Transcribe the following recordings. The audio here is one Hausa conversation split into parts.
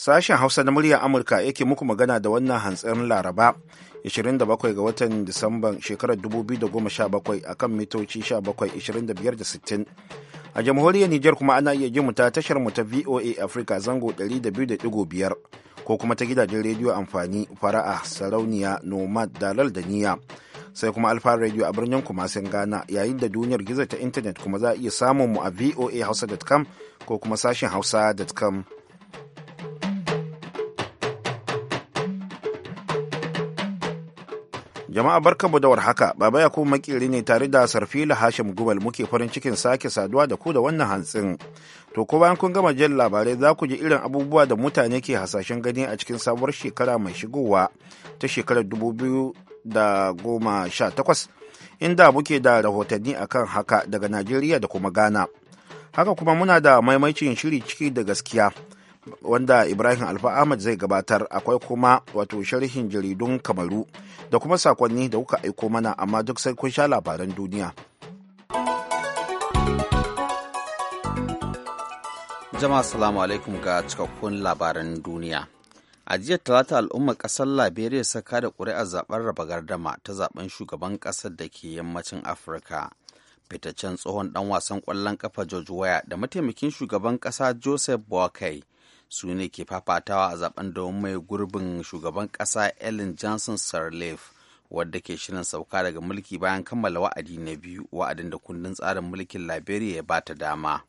Sashen Hausa na muryar Amurka yake muku magana da wannan hantsin Laraba 27 ga watan Disamban shekarar 2017 a kan mitoci 17 da sittin A jamhuriyar Nijar kuma ana iya jin ta tashar mu ta VOA Africa zango 200.5 ko kuma ta gidajen rediyo amfani fara'a sarauniya nomad dalal da niya sai kuma alfa radio a birnin kumasin ghana yayin da duniyar gizo ta intanet kuma za a iya samun mu a hausa.com ko kuma sashen hausa.com Jama'a barkanmu da warhaka, Baba Yakubu Makiri ne tare da Sarfila Hashim Gubal muke farin cikin sake saduwa da ku da wannan hantsin. To ko bayan kun gama jin labarai za ku ji irin abubuwa da mutane ke hasashen gani a cikin sabuwar shekara mai shigowa ta shekarar dubu biyu da goma sha 2018 inda muke da rahotanni akan haka daga Najeriya da kuma Ghana. Haka kuma muna da maimaicin shiri ciki da gaskiya. wanda ibrahim alfa ahmad zai gabatar akwai kuma wato sharhin jaridun kamaru da kuma sakonni da kuka aiko mana amma duk sai kun sha labaran duniya jama'a salamu alaikum ga cikakkun labaran duniya a jiya talata al'ummar kasar liberia saka da ƙuri'ar zaɓen raba gardama ta zaɓen shugaban ƙasar da ke yammacin afirka fitaccen tsohon dan wasan ƙwallon kafa george waya da mataimakin shugaban ƙasa joseph boakai su ne ke fafatawa a zaben da mai gurbin shugaban kasa ellen johnson sirleaf wadda ke shirin sauka daga mulki bayan kammala wa'adi na biyu wa'adin da kundin tsarin mulkin liberia ya bata dama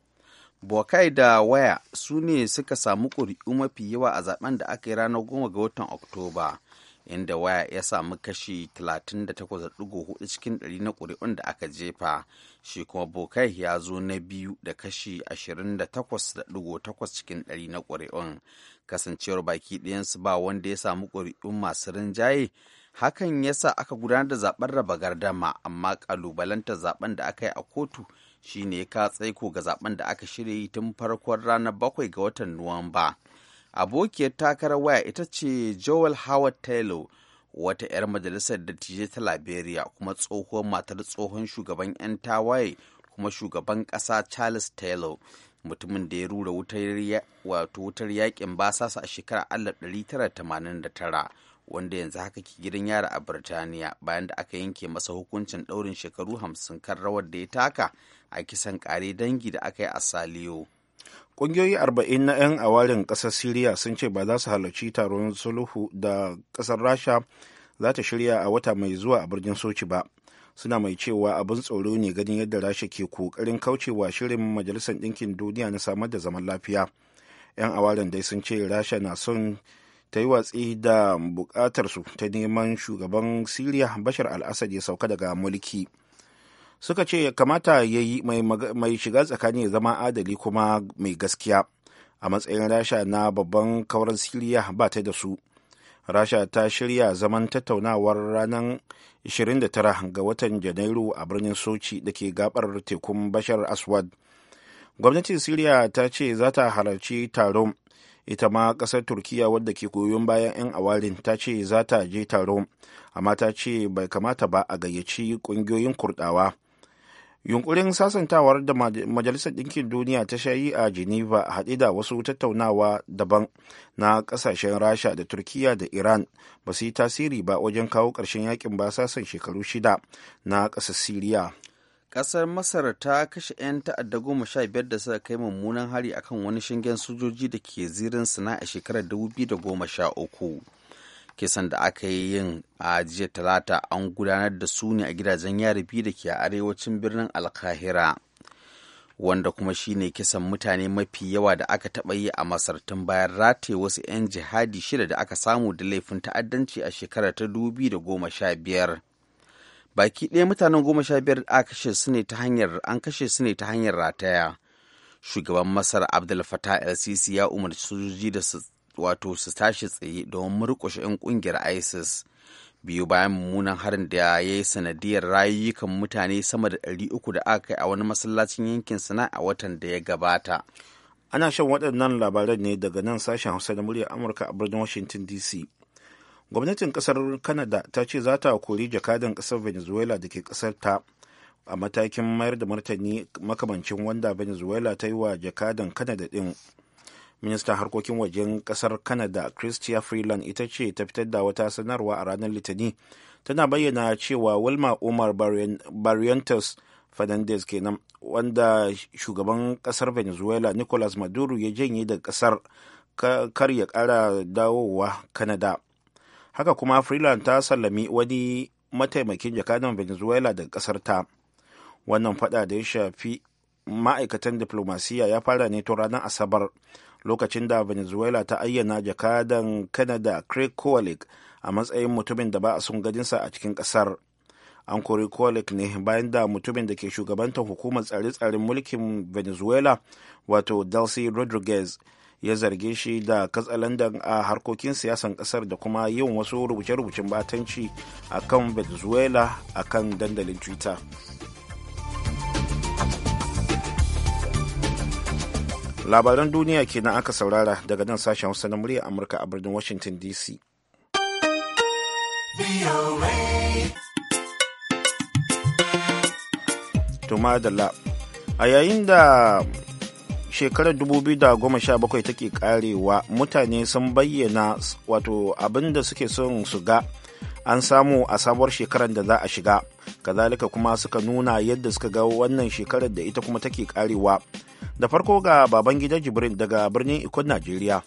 bokai da waya su ne suka samu ƙuri'u mafi yawa a zaben da aka yi ranar goma ga watan oktoba inda waya ya samu kashi 38.4 cikin 100 na ƙuri'un da aka jefa shi kuma bokai ya zo na biyu da kashi 28.8 cikin 100 na ƙuri'un kasancewar baki ɗayansu ba wanda ya samu ƙuri'un masu rinjaye hakan ya sa aka gudanar da zaben raba gardama amma ƙalubalantar zaben da aka yi a kotu shine ya ka tsaiko ga zaben da aka shirya yi tun farkon ranar bakwai ga watan nuwamba. abokiyar takarar waya ita ce joel howard taylor wata 'yar majalisar dattijai ta liberia kuma tsohuwar matar tsohon shugaban 'yan tawaye kuma shugaban ƙasa charles taylor mutumin da ya rura wutar yakin basasa a shekarar 1989 wanda yanzu haka ke gidan yara a birtaniya bayan da aka yanke masa hukuncin ɗaurin shekaru hamsin kan rawar da ya taka a kisan ƙare dangi da aka yi a saliyo Ƙungiyoyi arba'in na 'yan awarin ƙasar Siriya sun ce ba za su halarci taron sulhu da ƙasar Rasha za ta shirya a wata mai zuwa a birnin Sochi ba. Suna mai cewa abin tsoro ne ganin yadda Rasha ke ƙoƙarin kaucewa shirin Majalisar Ɗinkin Duniya na samar da zaman lafiya. 'Yan awarin dai sun ce Rasha na son ta yi watsi da buƙatarsu ta neman shugaban Siriya Bashar al-Assad ya sauka daga mulki. suka ce kamata ya yi mai shiga tsakani ya zama adali kuma mai gaskiya a matsayin rasha na babban kauran siriya ba ta da su rasha ta shirya zaman tattaunawar ranar 29 ga watan janairu a birnin sochi da ke gabar tekun bashar aswad gwamnatin siriya ta ce za ta halarci taron ita ma kasar turkiya wadda ke goyon bayan 'yan awarin ta ce za ta je taron amma ta ce bai kamata ba a gayyaci kungiyoyin kurdawa yunkurin sasantawar da majalisar ɗinkin duniya ta shayi a geneva haɗe da wasu tattaunawa daban na ƙasashen rasha da turkiya da iran ba su yi tasiri ba wajen kawo ƙarshen yakin ba basasan shekaru shida na ƙasar siriya ƙasar masar ta kashe 'yan ta'adda goma sha biyar da suka kai mummunan hari akan wani shingen sojoji da ke zirin sana'a shekarar 2013 kisan da aka yi yin a jiya talata an gudanar da su ne a gidajen yari biyu da ke a arewacin birnin alkahira wanda kuma shine kisan mutane mafi yawa da aka taɓa yi a masar tun bayan rataye wasu 'yan jihadi shida da aka samu da laifin ta'addanci a shekarar ta biyar. baki ɗaya mutanen goma sha biyar an kashe su ne ta hanyar rataya shugaban masar abdul fatah el ya umarci sojoji da su wato su tashi tsaye don murƙushe 'yan ƙungiyar isis biyu bayan mummunan harin da ya yi sanadiyar rayukan mutane sama da 300 da aka kai a wani masallacin yankin sana a watan da ya gabata ana shan waɗannan labaran ne daga nan sashen hausa da muryar amurka a birnin washington dc gwamnatin kasar canada ta ce za ta kori jakadan ƙasar venezuela da ke ƙasar ta a matakin mayar da martani makamancin wanda venezuela ta yi wa jakadan canada din ministan harkokin wajen kasar canada christia freeland ita ce ta fitar da wata sanarwa a ranar litinin tana bayyana cewa wilma umar barrientos fernandez kenan wanda shugaban kasar venezuela nicolas maduro ya janye da kasar kar ya kara dawowa canada haka kuma freeland ta sallami wani mataimakin jakadan venezuela daga kasar ta wannan fada da ya shafi ma'aikatan diplomasiya ya fara ne tun ranar asabar lokacin da venezuela ta ayyana jakadan canada craig kowalik a matsayin mutumin da ba a sun sa a cikin kasar an kori kowalik ne bayan da mutumin da ke shugabantar hukumar tsare-tsaren mulkin venezuela wato delcy rodriguez ya zarge shi da katsalandan a harkokin siyasan kasar da kuma yin wasu rubuce-rubucen batanci a kan venezuela a kan dandalin twitter labaran duniya kenan aka saurara daga nan sashen hausa na murya amurka a birnin washington dc a yayin da shekarar 2017 take karewa mutane sun bayyana wato abin da suke son su ga an samu a sabuwar shekarar da za a shiga kazalika kuma suka nuna yadda suka ga wannan shekarar da ita kuma take karewa da farko ga baban jibrin jibril daga birnin ikon najeriya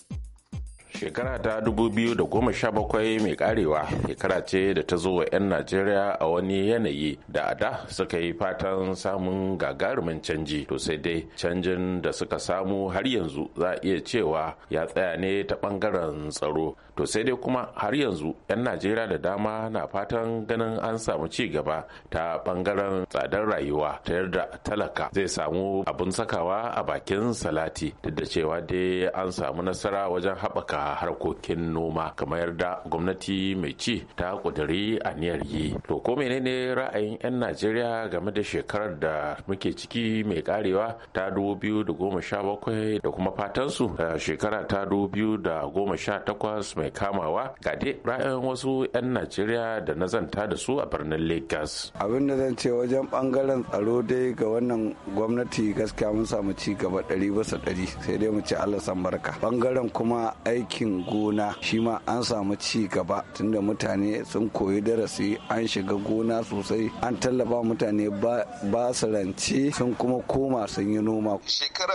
shekara ta 2017 mai karewa shekara ce da ta zo wa 'yan najeriya a wani yanayi da a da suka yi fatan samun gagarumin canji to sai dai canjin da suka samu har yanzu za a iya cewa ya tsaya ne ta bangaren tsaro to sai dai kuma har yanzu 'yan najeriya da dama na fatan ganin an samu ci gaba ta bangaren tsadar rayuwa ta yarda talaka zai samu abin sakawa a bakin salati duk da cewa dai an samu nasara wajen haɓaka a harkokin noma kamar da gwamnati mai ci ta a niyar yi to ko menene ra'ayin 'yan najeriya game da shekarar da muke ciki mai karewa ta 2017 da kuma fatansu da eh, shekara ta 2018 mai kamawa ga dai ra'ayin wasu 'yan najeriya da na zanta da su a birnin lagos abin da zan ce wajen bangaren tsaro dai ga wannan gwamnati gaskiya mun samu ci gaba 100 bisa 100 sai dai mu ci allah san barka bangaren kuma aiki aikin gona shi ma an samu ci gaba tunda mutane sun koyi darasi an shiga gona sosai an tallafa mutane ba su rance sun kuma koma sun yi noma. Shekara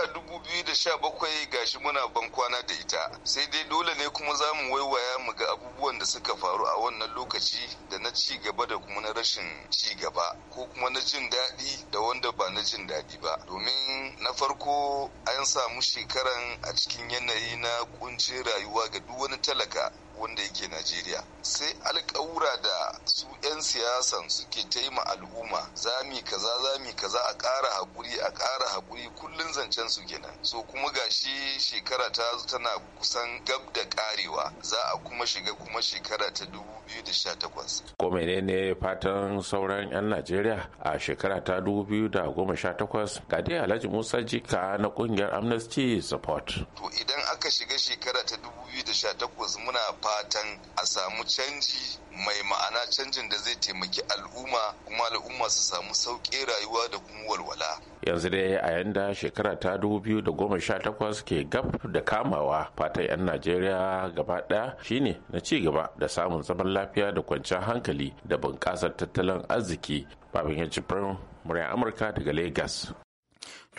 da sha 2017 gashi muna ban kwana da ita sai dai dole ne kuma za mu waiwaya mu ga abubuwan da suka faru a wannan lokaci da na ci gaba da kuma na rashin ci gaba ko kuma na jin daɗi da wanda ba na jin daɗi ba domin na farko an samu shekaran a cikin yanayi na kuncin rayuwa rayuwa ga duk wani talaka wanda yake najeriya sai alƙawura da su 'yan siyasan suke taima al'umma zami kaza zami kaza a ƙara hakuri, a ƙara hakuri kullum zancen su kenan so kuma gashi shekara ta tana kusan gab da ƙarewa za a kuma shiga kuma shekara ta 2018 ko menene fatan sauran 'yan najeriya a shekara ta 2018 ga dai alhaji musa jika na ƙungiyar amnesty support to idan aka shiga shekara ta 2018 muna fatan a samu canji mai ma'ana canjin da zai taimaki al'umma kuma al'umma su samu sauƙi rayuwa da kuma walwala yanzu dai a yanda shekara ta da 2018 ke gab da kamawa fatan 'yan najeriya gaba ɗaya shine na ci gaba da samun zaman lafiya da kwanciyar hankali da bunƙasar tattalin arziki babin ya jibrin murya amurka daga lagos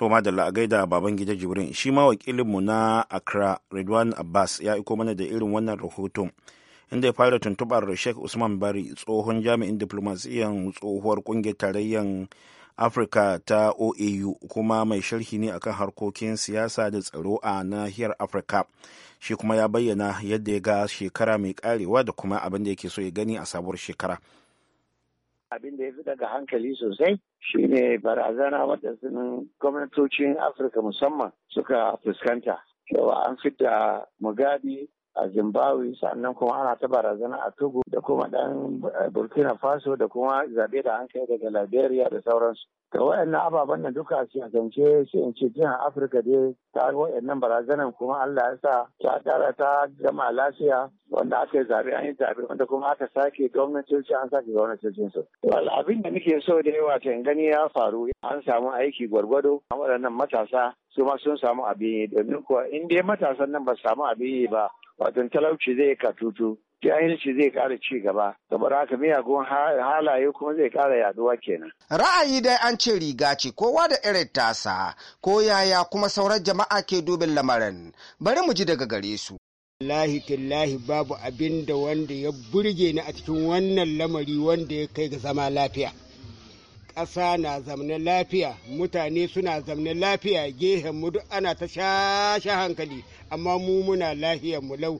to madalla a gaida baban gida jibrin shi ma wakilinmu na accra redwan abbas ya iko mana da irin wannan rahoton inda ya fara tuntubar sheikh usman bari tsohon jami'in diplomasiyan tsohuwar kungiyar tarayyar afirka ta oau kuma mai sharhi ne akan harkokin siyasa da tsaro a nahiyar afirka shi kuma ya bayyana yadda ya ga shekara mai karewa da kuma abin da yake so ya gani a sabuwar shekara abin da ya fi daga hankali sosai shine barazana waɗansu gwamnatocin afirka musamman suka fuskanta cewa an fita mugabe a zimbabwe sannan kuma ana ta barazana a togo da kuma dan eh, burkina faso da kuma zaɓe da an kai daga liberia da sauransu ga waɗannan ababen nan duka a siyasance sai in ce jihar afirka dai ta waɗannan barazanan kuma allah ya sa ta tara ta gama lafiya wanda aka yi zaɓe an yi zaɓe wanda kuma aka sake gwamnatoci an sake gwamnatocin su abin da nake so da yawa ta gani ya faru an samu aiki gwargwado a waɗannan matasa su ma sun samu abin yi domin kuwa in dai matasan nan ba su samu abin yi ba Watan talauci zai katutu, jahilci zai ƙara ci gaba, saboda haka miyagun halaye kuma zai ƙara yaduwa kenan. Ra'ayi dai an ce riga ce kowa da irin tasa, ko yaya kuma sauran jama'a ke dubin lamarin, bari mu ji daga gare su. Wallahi tillahi babu abin da wanda ya burge ni a cikin wannan lamari wanda ya kai ga zama lafiya. ƙasa na zamne lafiya mutane suna zamne lafiya gehen mu duk ana ta shashe hankali amma mu muna lahiyar mu lau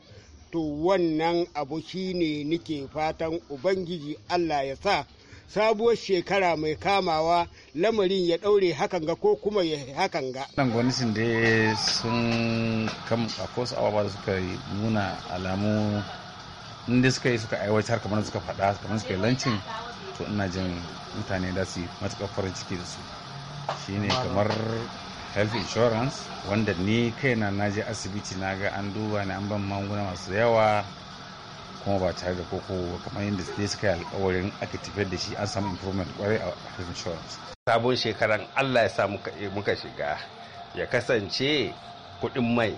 to wannan abu shine nike fatan ubangiji allah ya sa sabuwar shekara mai kamawa lamarin ya daure hakan ga ko kuma ya hakan ga. Nan sun da sun kam ko su awa da suka yi nuna alamu inda suka yi suka aiwatar kamar suka faɗa kamar suka yi lancin to ina jin mutane da su yi matuƙar farin ciki da su shine kamar health insurance wanda ni kaina na je asibiti na ga an duba ni an ban magunguna masu yawa kuma ba tare da koko kamar yadda su suka yi alkawarin aka tafiyar da shi an samu improvement kwarai a health insurance sabon shekaran allah ya sa muka eh, shiga ya kasance kudin mai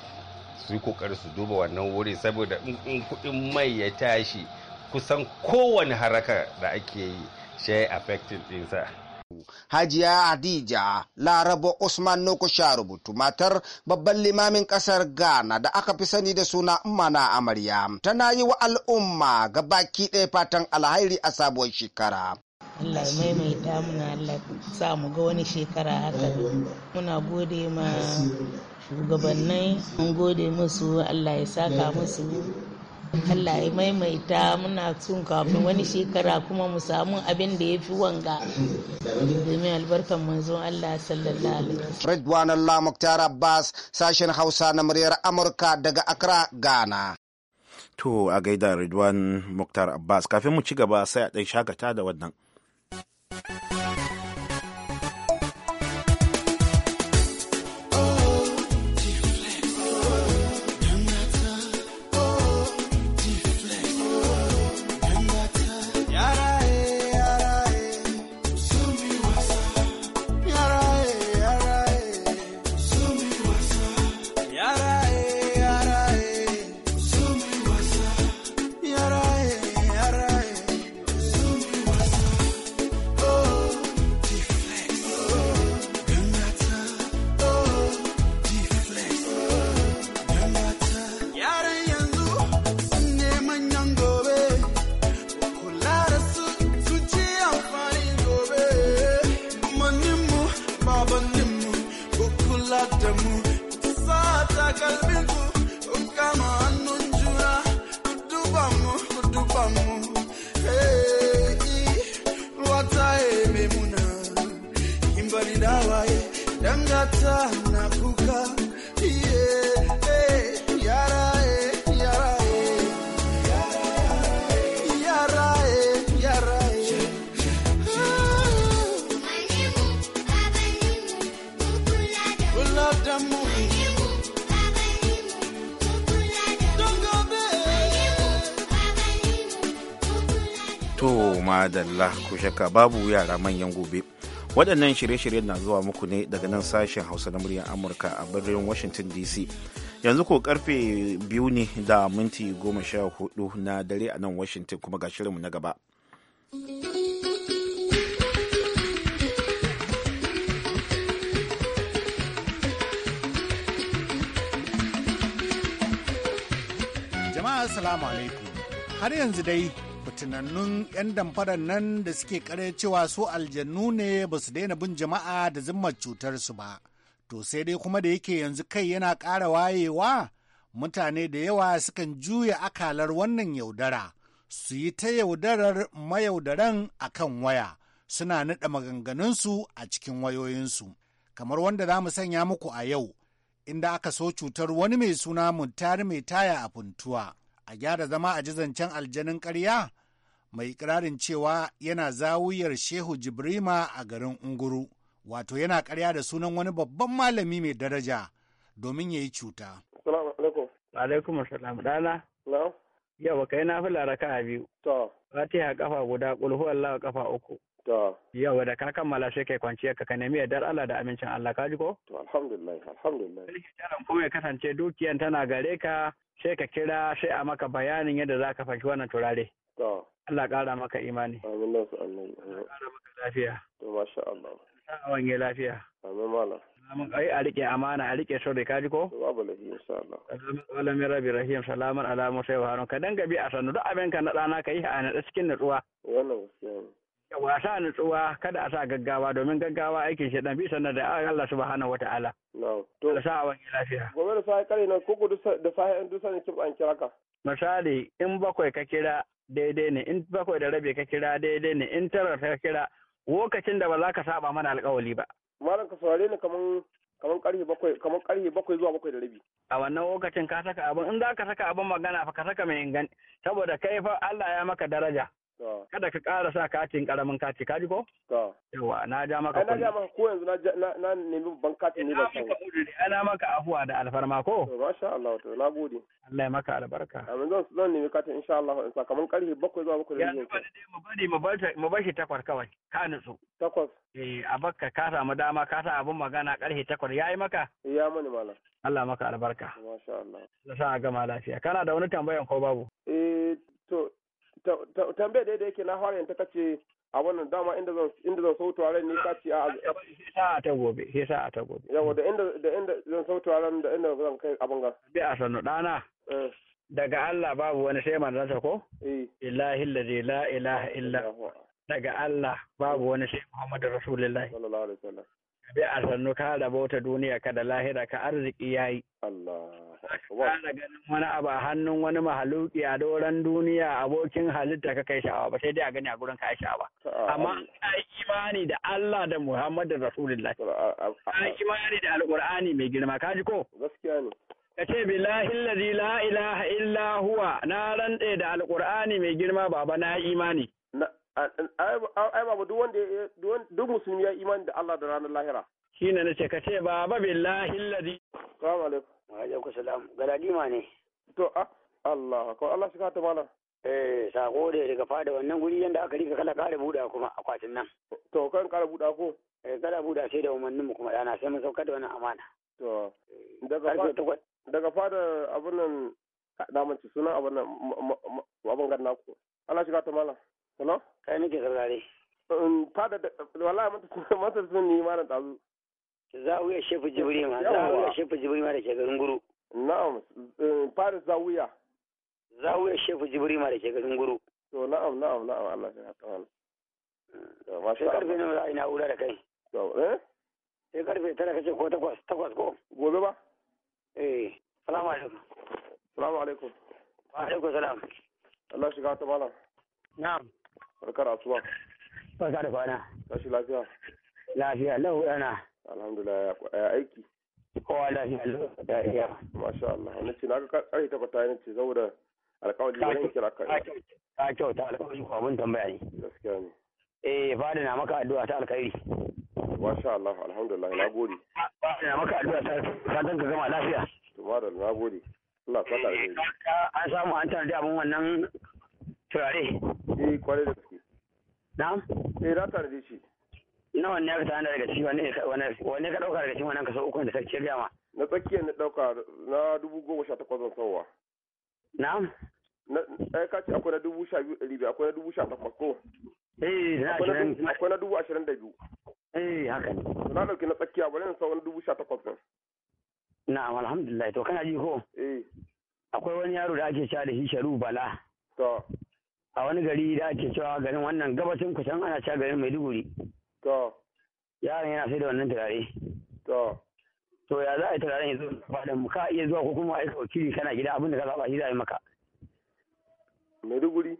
su yi kokari su duba wannan wuri saboda in kudin mai ya tashi kusan kowane haraka da ake yi shi affecting dinsa. Hajiya Adija Larabo, Usman Nokusha rubutu matar babban limamin kasar Ghana da aka fi sani da suna Mana Amarya tana yi wa al'umma ga baki ɗaya fatan alhairi a sabuwar shekara. Allah mai mai damuna Allah sa mu ga wani shekara haka muna gode ma shugabannin mun gode musu Allah ya saka musu Allah ya maimaita muna tun kafin wani shekara kuma mu samu abin da ya fi wanga domin albarkan manzon Allah sallallahu alaihi wasallam Redwan Allah Muktar Abbas sashen Hausa na muryar Amurka daga Accra Ghana To a gaida Redwan Muktar Abbas kafin mu ci gaba sai a ɗan shakata da wannan shakka babu yara manyan gobe waɗannan shirye-shiryen na zuwa muku ne daga nan sashen hausa na muryar amurka a birnin washington dc yanzu ko karfe biyu ne da minti goma sha hudu na dare a nan washington kuma ga shirinmu na gaba jama'a assalamu alaikum har yanzu dai Tunanin 'yan damfarar nan da suke kare cewa su aljannu ne ba su daina bin jama'a da zimmar cutarsu ba. To sai dai kuma da yake yanzu kai yana ƙara wayewa, mutane da yawa sukan juya akalar wannan yaudara, su yi ta yaudarar mayaudaran a kan waya, suna naɗa maganganunsu a cikin wayoyinsu. Kamar wanda za mu sanya muku a yau, inda aka so cutar wani mai suna muntari mai taya a funtuwa. a gyara zama a jizancen aljanin ƙarya mai ikirarin cewa yana zawuyar Shehu Jibrima a garin Unguru, wato yana karya da sunan wani babban malami mai daraja domin ya yi cuta. Alaikum salam dana. ba kai na raka a biyu. To. Fatiha kafa guda kulhu Allah kafa uku. To. da ka kammala sai kai kwanciya ka ka nemi yardar Allah da amincin Allah ka ji ko? To alhamdulillah alhamdulillah. Kiran kuma ya kasance dukiyan tana gare ka sai ka kira sai a maka bayanin yadda zaka ka wannan turare. To. Allah ƙara maka imani. Amin na su amin. Allah ƙara maka lafiya. To masha Allah. Sa wange lafiya. Amin mala. Salamun ai a riƙe amana a riƙe sirri kaji ko? Babu lahi insha Allah. Salamun ala min rabi rahim salamun alamun sai wa harun ka danga biyu a sannu duk abin ka na ka yi a na cikin nutsuwa. Wannan gaskiya ne. Wasa sa nutsuwa kada a sa gaggawa domin gaggawa aikin shi dan bi sannan da Allah subhanahu wa ta'ala. Na'am. To sa wange lafiya. Gobe da sai kare nan kuku da sai an dusa ne an kira ka. Misali in bakwai ka kira daidai ne in bakwai da rabi ka kira daidai ne in tara ka kira lokacin da ba za ka saba mana alkawali ba malam ka saurare ni kaman kaman karfe bakwai kaman karfe bakwai zuwa bakwai da rabi a wannan lokacin ka saka abin in za ka saka abin magana fa ka saka mai inganci saboda kai fa Allah ya maka daraja Kada ka ƙara sa katin ƙaramin kati, kaji ko? Yawa, na ja maka kuɗi. Na ja maka ko yanzu na nemi ban katin ne ba kan. na maka afuwa da alfarma ko? Masha Allah, to na gode. Allah ya maka albarka. Amin zan zan nemi katin insha Allah in sakamakon ƙarfe bakwai zuwa bakwai. Yanzu ba ne mu bari mu bashi takwas kawai, ka nutsu. Takwas. Eh, a bakka ka samu dama ka sa abun magana ƙarfe takwas ya yi maka? Ya mani malam. Allah maka albarka. Masha Allah. Na sa a gama lafiya. Kana da wani tambayan ko babu? Eh, to tambayar da yake na fara ta kace a wannan dama inda zan sautu a sau turaren ne kace a sa ta gobe sai sa ta gobe yawa da inda da inda zan sau turaren da inda zan kai abin ga bi a sanu dana eh. daga Allah babu wani sai manzansa ko eh. ilahi allazi la ilaha illa daga Allah babu wani sai Muhammadu Rasulullahi sallallahu alaihi wasallam bi a sannu ka rabauta duniya ka da lahira ka arziki yi. Allah ganin wani abu a hannun wani mahaluki a doron duniya abokin halitta ka kai sha'awa ba sai dai a gani a gurin ka ai sha'awa amma ka imani da Allah da Muhammadu Rasulullahi ka imani da Alƙur'ani mai girma ka ji ko gaskiya ne ka ce bi allazi la ilaha illa huwa na rantse da alqur'ani mai girma baba na imani ai ba duk wanda duk musulmi ya imani da Allah da ranar lahira shine nace ka ce ba ba billahi alladhi assalamu alaikum wa alaikum salam galadima ne to a ah, Allah ko Allah shi ka ta malam eh sako da daga fada wannan guri yanda aka rika kala kare buda kuma akwatin nan to kan kare buda ko eh kala buda sai da umannin mu kuma dana sai mun saukar da wannan amana to eh, daga fada daga fada abun nan da mun ci suna abun nan abun ganna ku Allah shi ka ta mala Hello? Kai nake saurare. da wallahi ni tazu. Zawiya da guru. Allah ya haka da kai? To eh? Sai karfe tara kace ko takwas, ko? Gobe ba? Eh, salam. Allah shiga ta malam. Na'am. barkar asuba barka da kwana tashi lafiya lafiya lau yana alhamdulillah ya aiki kowa lafiya lau da iya masha Allah wani ce na ga karfe ta ta yi ce saboda ne wani kira ka ka kyauta alkawari ko mun tambaya ne gaskiya ne eh fada na maka addu'a ta alkhairi masha Allah alhamdulillah na gode fada na maka addu'a ta ka danka gama lafiya tumara na gode Allah eh, ka ta an samu an tana da abin wannan turare eh kwarai da na eh za ta rage shi na wanne aka tana daga ciki wanne ka ɗauka daga ciki wannan kaso uku da sarki ya ma na tsakiya na ɗauka na dubu goma sha takwas zan sauwa na na ka ce akwai na dubu sha biyu ɗari biyu akwai na dubu sha takwas ko eh na ashirin akwai na dubu ashirin da biyu eh haka ne na ɗauki na tsakiya bari na sauwa na dubu sha takwas ɗin na'am alhamdulillah to kana ji ko eh akwai wani yaro da ake cewa da shi bala to a wani gari da ake cewa garin wannan gabashin kusan ana cewa garin maiduguri to yaron yana sai da wannan turare to to ya za a yi turaren ya zo faɗin ka iya zuwa ko kuma aika wakili kana gida abin da ka zaɓa shi za a yi maka maiduguri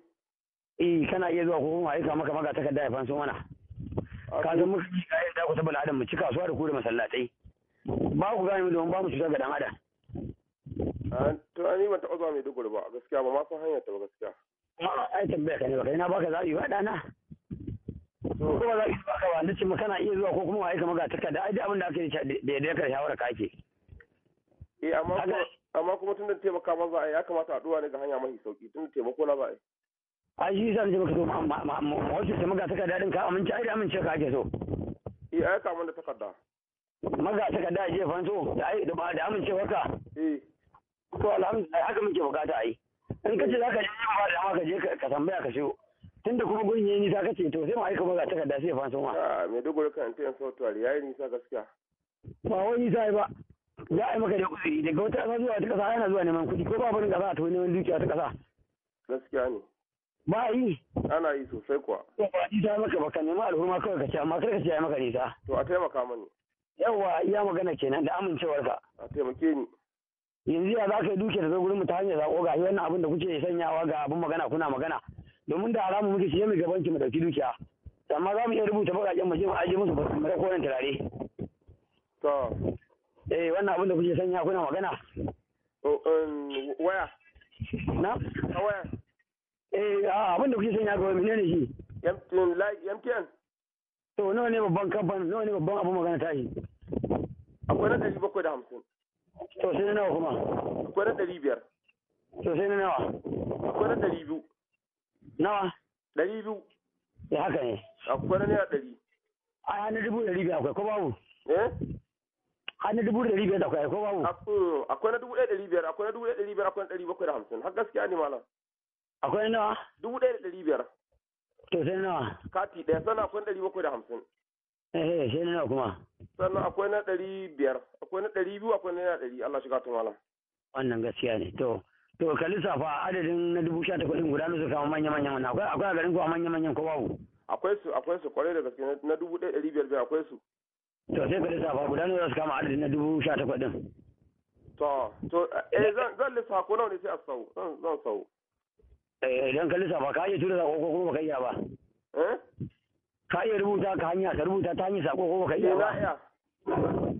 eh kana iya zuwa ko kuma aika maka maka takarda ya fanso mana ka zo muka ci kayan da ku ta adam mu ci kasuwa da ku da masallatai ba ku gane domin ba mu cutar ga dan adam Tunani ba ta taɓa mai maiduguri ba gaskiya ba ma san hanyar ta ba gaskiya ai tambaya ka ne ba kai na baka zabi ba dana ko ba zabi baka ba nace ma kana iya zuwa ko kuma wai kama ga takarda ai abin da aka yi da da ka shawara ka ake eh amma amma kuma tun da taimaka ma za a ya kamata a duwa ne ga hanya mafi sauki tun da taimako na za a yi ai shi zan ce maka to wasu ta maga takarda din ka amince ai da amince ka ake so eh ai ka mun takarda maga takarda a jefan so da da amincewar ka eh to alhamdulillah haka muke bukata ai in ka ce za ka je yin ba da ma ka je ka tambaya ka shigo tunda kuma gurin yayi nisa kace to sai mu aika maza takarda sai ya fanso ma a duk dogoro kan tin software yayi nisa gaskiya ba wai nisa ba za a yi maka da kuɗi daga wata ƙasa zuwa wata ƙasa yana zuwa neman kuɗi ko ba barin ƙasa to neman dukiya ta ƙasa gaskiya ne ba yi ana yi sosai kuwa ko ba nisa maka ba ka nemi alhurma kawai ka ce amma kar ka ce ya maka nisa to a taimaka mani yawwa iya magana kenan da amincewarka a taimake ni yanzu ya za ka yi duke da zo gurin mu ta hanyar zaɓo ga wannan abin da kuke sanyawa ga abin magana kuna magana domin da haramun muke shi mai gabanci mu dauki dukiya amma za mu iya rubuta baƙaƙen mu je mu aje musu basu mara koren turare to eh wannan abin da kuke sanya kuna magana um, waya na a waya eh abin da kuke sanya ga wani ne shi MTN um, to nawa ne babban kamfanin nawa ne babban abin magana tashi akwai na ɗari bakwai da hamsin to sai na nawa kuma akwai na ɗari biyar to sai na nawa akwai na ɗari biyu nawa ɗari biyu ya haka ne akwai na naira ɗari a hannun dubu ɗari biyar akwai ko babu eh hannun dubu ɗari biyar akwai ko babu akwai na dubu ɗaya ɗari biyar akwai na dubu ɗaya ɗari biyar akwai na ɗari bakwai da hamsin har gaskiya ne malam akwai nawa dubu ɗaya da ɗari biyar to ne nawa kati ɗaya sana akwai ɗari bakwai da hamsin eh, eh shi ne kuma sannan akwai na ɗari biyar akwai na ɗari biyu akwai na ɗari Allah shiga tun malam wannan gaskiya ne to to ka lissafa adadin na dubu sha takwas ɗin guda su kama manya manya wannan akwai akwai a garin kuwa manya manyan ko babu akwai su akwai su kwarai da gaske na dubu ɗaya ɗari biyar biyar akwai su to sai ka lissafa guda nawa su kama adadin na dubu sha takwas ɗin to to eh zan zan lissafa ko nawa ne sai a sau zan zan sau eh idan ka lissafa ka iya tura sako ko kuma ka iya ba eh ka iya rubuta ka hanya ka rubuta ta hanyar sako ko baka iya ba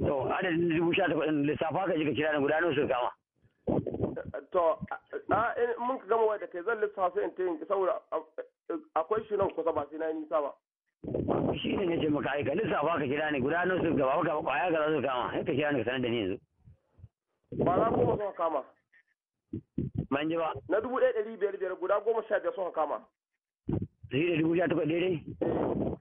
to adadin dubu sha takwas lissafa ka ji ka kira ni guda su kama to in mun ka gama da kai zan lissafa sai in ta yin saboda akwai shi nan kusa ba sai na yi nisa ba shi ne na ce maka ka lissafa ka kira ni guda su gaba ka kwaya ka za su kama sai ka kira ni ka sanar da ni yanzu ba za ku ma kama ban ji ba na dubu ɗaya ɗari biyar biyar guda goma sha biyar suka kama Zai da dubu sha takwas daidai eh.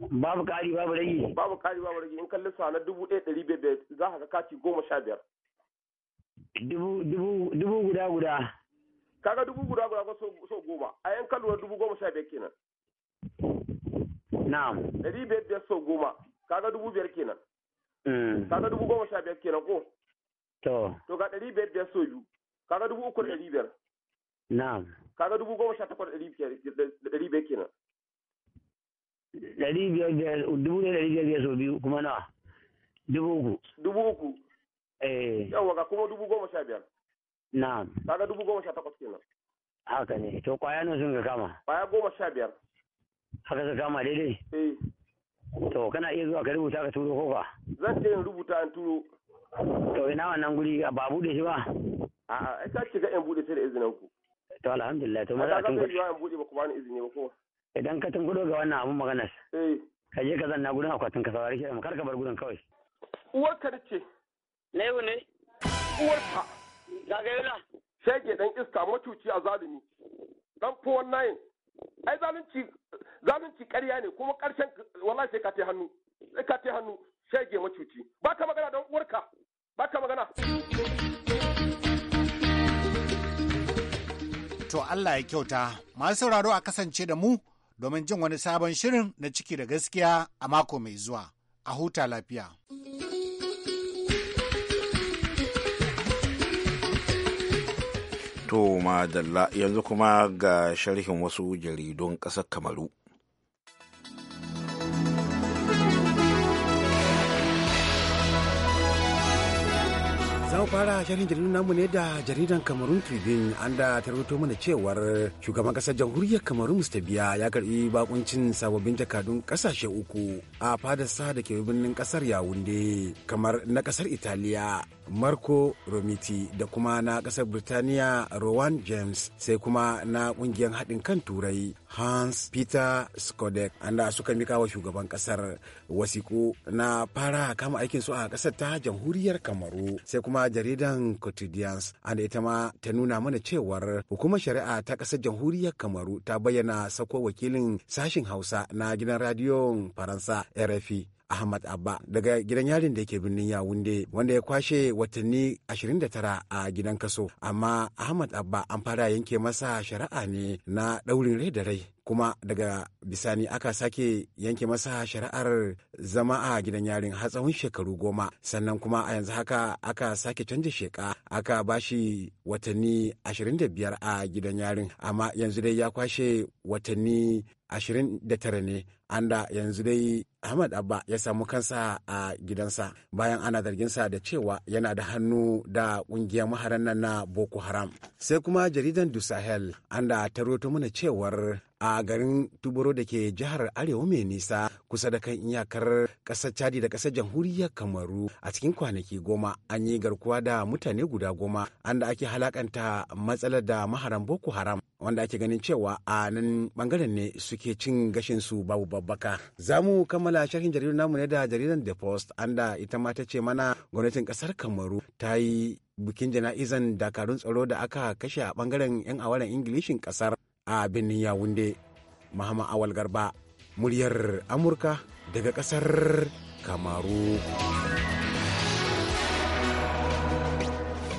Babu kari babu rage. Babu kari babu rage in kalli sa na dubu ɗaya ɗari biyar za ka ga kati goma sha biyar. Dubu guda guda. Kaga dubu guda guda ko so goma a yan kalluwar dubu goma sha biyar kenan. Na'am. Ɗari biyar biyar so goma kaga dubu biyar kenan. Mm. Kaga dubu goma sha biyar kenan ko. To. To ga ɗari biyar biyar so biyu kaga dubu uku da ɗari biyar. Na'am. Kaga dubu goma sha takwas da ɗari biyar kenan. ɗari biyar biyar dubu ɗaya ɗari biyar biyar sau biyu kuma nawa dubu uku dubu uku eh yawa ga kuma dubu goma sha biyar Na. kaga dubu goma sha takwas kenan haka ne to kwaya nan sun ka kama kwaya goma sha biyar haka ka kama daidai eh to kana iya zuwa ka rubuta ka turo ko ba zan je in rubuta in turo to ina wannan guri ba bude shi ba a'a ai ka ce ga in bude sai da izinin ku to alhamdulillah to maza kin ka in bude ba ku bani izini ba ko idan ka tungudo ga wannan abun maganar eh. ka je ka zanna gudun akwatin ka saurari shi kar ka bar gudun kawai uwarka ka ce na yau ne uwarka zagayela shege dan iska matuci a zalimi dan fowar nayin ai zalunci zalunci ƙarya ne kuma ƙarshen wallahi sai ka te hannu sai ka te hannu shege macuci ba ka magana don ka. ba ka magana to Allah ya kyauta masu sauraro a kasance da mu domin jin wani sabon shirin na ciki da gaskiya a mako mai zuwa. A huta lafiya. To madalla yanzu kuma ga sharhin wasu jaridun ƙasar Kamaru. za mu fara shirin jaridu namu ne da jaridan kamarun tribune an da ta rubuto mana cewar shugaban kasar jamhuriyar kamarun mr biya ya karbi bakuncin sababbin jakadun kasashe uku a sa da ke birnin kasar yawunde kamar na kasar italiya marco romiti da kuma na kasar birtaniya rowan james sai kuma na kungiyar haɗin kan turai hans peter skodek anda suka mika wa shugaban kasar wasiku na fara kama aikinsu a kasar ta jamhuriyar kamaru sai kuma A jaridan Cotidians, an ita ma ta nuna mana cewar hukumar shari'a ta ƙasar jamhuriyar Kamaru ta bayyana sako wakilin sashen Hausa na gidan radiyon Faransa RFI Ahmad Abba daga gidan yarin da yake birnin Yawunde wanda ya kwashe watanni 29 a gidan kaso amma Ahmad Abba an fara yanke masa shari'a ne na daurin rai da rai kuma daga bisani aka sake yanke masa shari'ar zama a gidan yarin har tsawon shekaru goma sannan kuma a yanzu haka aka sake canja sheka aka bashi watanni 25 a gidan yarin amma yanzu dai ya kwashe watanni 29 ne anda yanzu dai Ahmad Abba ya samu kansa a gidansa bayan ana zarginsa da cewa yana da hannu da kungiyar maharan nan na Boko Haram. Sai kuma jaridan Du Sahel anda ta mana cewar a garin tuburo da ke jihar arewa mai nisa kusa da kan iyakar ƙasar chadi da ƙasar jamhuriyar kamaru a cikin kwanaki goma an yi garkuwa da mutane guda goma an da ake halakanta matsalar da maharan boko haram wanda ake ganin cewa a nan bangaren ne suke cin gashin su babu babbaka za mu kammala sharhin jaridar namu ne da jaridan the post Anda ita ma ta ce mana gwamnatin ƙasar kamaru ta yi bikin jana'izan dakarun tsaro da aka kashe a bangaren 'yan awaren ingilishin ƙasar. a birnin yawunde mahama awal garba muryar amurka daga kasar kamaru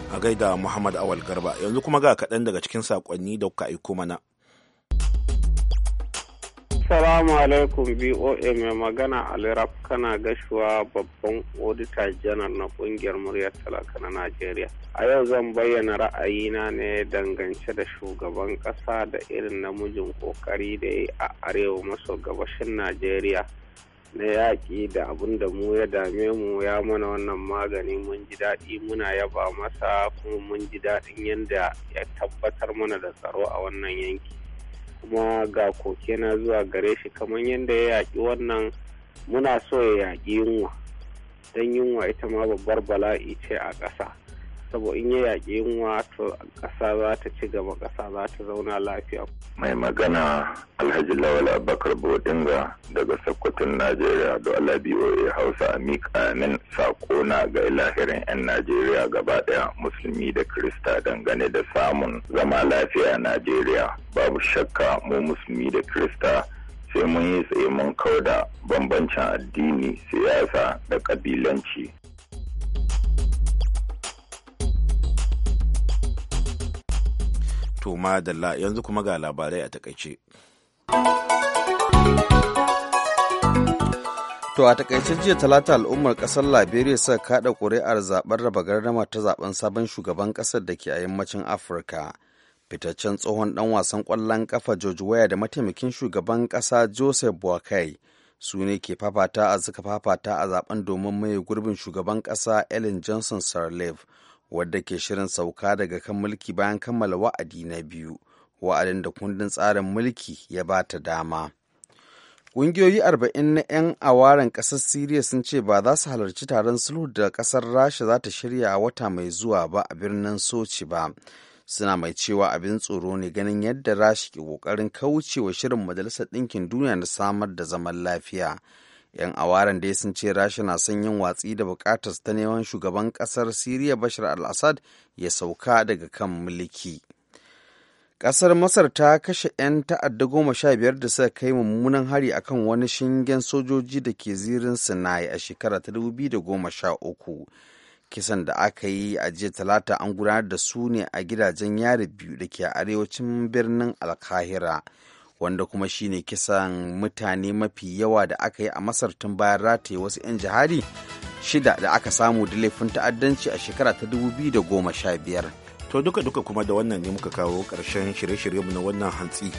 a gaida muhammad awal garba yanzu kuma ga kaɗan daga cikin saƙonni da kuka aiko mana Assalamu alaikum BOA mai magana Alirab kana gashuwa babban odita janar na kungiyar muryar talaka na Najeriya. A yau zan bayyana ra'ayina ne dangance da shugaban ƙasa da irin namijin ƙoƙari da ya a arewa maso gabashin Najeriya na yaƙi da abin da mu ya dame mu ya mana wannan magani mun ji daɗi muna yaba masa kuma mun ji daɗin yadda ya tabbatar mana da tsaro a wannan yanki. kuma ga koke na zuwa gare shi kamar yadda ya yaƙi wannan muna so ya yaƙi yunwa don yunwa ita ma babbar bala'i ce a ƙasa saboda in ya yaƙi to ƙasa za ta ci gaba ƙasa za ta zauna lafiya. mai magana alhaji lawal abubakar bodinga daga sokoton najeriya da Alabi Oye hausa a miƙa min sako na ga lahirin 'yan najeriya gaba ɗaya musulmi da kirista dangane da samun zama lafiya a najeriya babu shakka mu musulmi da kirista sai mun yi tsaye mun kauda bambancin addini siyasa da kabilanci To madalla yanzu kuma ga labarai a takaice. To a takaice jiya talata al'ummar kasar Liberia suka kada kuri'ar zaɓar raba gardama ta zaɓen sabon shugaban ƙasar da ke a yammacin Afirka. Fitaccen tsohon ɗan wasan kwallon ƙafa George Weah da mataimakin shugaban ƙasa Joseph Boakai su ne ke fafata a suka fafata a zaɓen domin mai gurbin shugaban ƙasa Ellen Johnson Sirleaf wadda ke shirin sauka daga kan mulki bayan kammala wa'adi na biyu wa'adin da kundin tsarin mulki ya ba ta dama ƙungiyoyi arba'in na 'yan awaren ƙasar siriya sun ce ba za su halarci taron sulhu da ƙasar rasha za ta shirya a wata mai zuwa ba a birnin soci ba suna mai cewa abin tsoro ne ganin yadda rasha ke ƙoƙarin kaucewa shirin majalisar ɗinkin duniya na samar da zaman lafiya 'yan awaran dai sun ce rasha na son yin watsi da bukatar ta neman shugaban kasar siriya bashar al-assad ya sauka daga kan mulki kasar masar ta kashe 'yan ta'adda goma sha biyar da suka kai mummunan hari akan wani shingen sojoji da ke zirin sinai a shekara ta uku kisan da aka yi a jiya talata an gudanar da su ne a gidajen yari biyu da ke arewacin birnin alkahira. wanda kuma shine kisan mutane mafi yawa da aka yi a masar tun bayan rataye wasu 'yan jihadi shida da aka samu da laifin ta'addanci a shekara ta 2015 to duka-duka kuma da wannan ne muka kawo karshen shirye-shiryenmu na wannan hantsi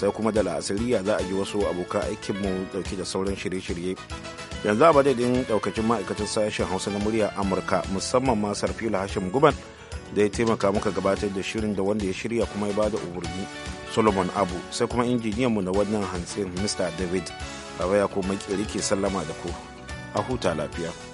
sai kuma da la'asariya za a yi wasu abokan aikinmu dauke da sauran shirye-shirye yanzu a madadin ɗaukacin ma'aikatan sashen hausa na murya amurka musamman ma sarfila hashim guban da ya taimaka muka gabatar da shirin da wanda ya shirya kuma ya bada umarni solomon abu sai kuma injiniyan mu na wannan hantsin mr david baba ya ko makiri ke sallama da ku a huta lafiya